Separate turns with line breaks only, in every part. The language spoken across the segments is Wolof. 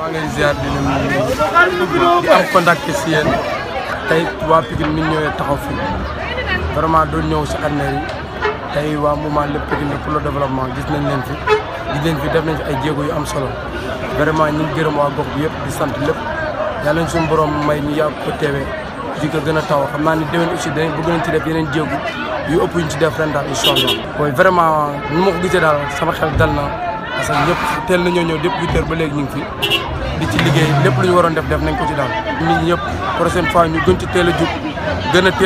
maa ngi leen ziar di leen di am contact si yéen waa Pikine mi ñëwee taxaw fi vraiment doon ñëw si année yi tey waa mouvement Lepp Pikine pour le développement gis nañ leen fi di nañ fi def nañ fi ay jéego yu am solo vraiment ñu ngi gërëm waa gox bi yëpp di sant lépp yàlla nañ suñu borom may ñu yàgg ko teewee di gën a taw xam naa ni déwén aussi danañ bëgg nañ ci def yeneen jéego yu ëpp yu ñu ci def ren daal incha allah. vraiment ni ma ko gisee daal sama xel dal na. parce que ñëpp teel nañoo ñëw depuis huit heures ba léegi ñu ngi lu ñu waroon def def nañ ko ci daal. nit ñëpp prochaine fois ñu gën ci teel a jub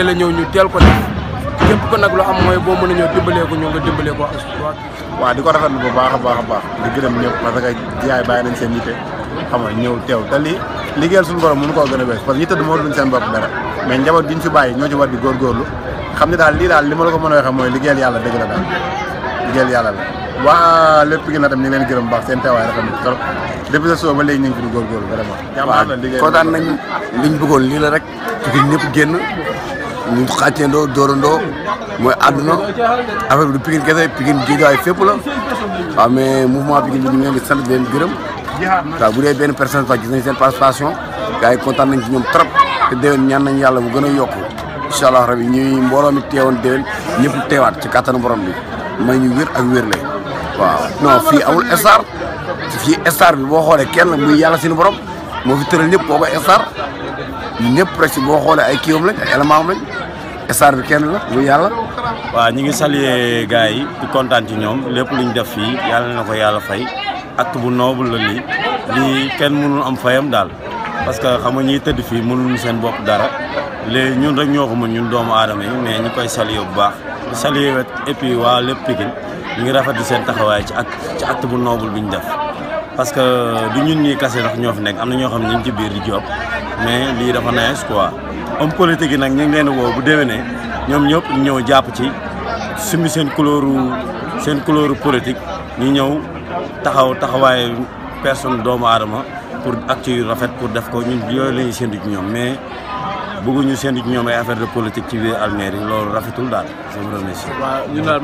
a ñëw ñu teel ko def képp ko nag lu am mooy boo mën ko ñëw nga dimbalee ko
ak di ko rafetlu bu baax baax a baax di gërëm ñëpp parce que jaay bàyyi seen yitte xam nga ñëw teew te lii liggéeyal suñu borom mënu koo gën a wees parce que ñi tëdd moo luñ seen bopp dara mais njaboot gi ñu fi bàyyi daal li ma la ko mën a waxee mooy liggéeyal yàlla dëgg la daal liggéeyal yàlla la waa lépp gi na tam ñu leen gërëm baax seen teewaay rafet na trop depuis sa suba ba léegi ñu ngi fi di góorgóorlu vraiment kontaan nañ liñ bëggoon lii la rek ci ñëpp génn ñu xàccendoo dóorandoo mooy àdduna affaire bi du Pikine kese Pikine géejawaay fépp la waaw mais mouvement Pikine bi ñu ngi leen di sant di leen gërëm waaw bu dee benn personne sax gis nañ seen participation gars yi kontaan nañ ci ñoom trop te déwén ñaan nañ yàlla mu gën a yokk incha ñuy mbooloo mi teewoon déwén ñëpp teewaat ci kattanu borom bi may ñu wér ak wér la waaw non fii amul star fii star bi boo xoolee kenn muy yàlla suñu borom moo fi tëral ñëpp kooku star ñëpp rek si boo xoolee ay kiiwam lañ ay élément am bi kenn la muy yàlla.
waaw ñi ngi saluer gars yi di kontaan ci ñoom lépp lu ñu def fii yàlla na ko yàlla fay acte bu noble la lii lii kenn mënul am fayam daal parce que xam nga ñiy tëdd fii mënuñu seen bopp dara léegi ñun rek ñoo mën ñun doomu aadama yi mais ñu koy saluer bu baax saluer et puis waa lépp Pikine ñu ngi rafetlu seen taxawaay ci ak ci acte bu noble bi ñu def parce que du ñun ñuy kase nax ñoo fi nekk am na ñoo xam ne ñu ci biir di job mais lii dafa neex quoi. homme politique yi nag ñu ngi leen woo bu déwénee ñoom ñëpp ñëw jàpp ci sumi seen couleuru seen couleuru politique ñu ñëw taxaw taxawaay personne doomu aadama pour acte yu rafet pour def ko ñu yooyu la ñuy séntu ñoom mais. bëgguñu seen ci ñoom ay affaire de politique ci biir Almere yi loolu rafetul daal je vous remercie.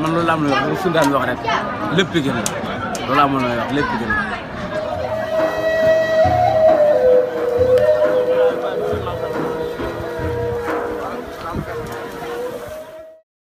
man loolu laa mën a wax suñu rek
lépp gën la loolu laa mën a wax lépp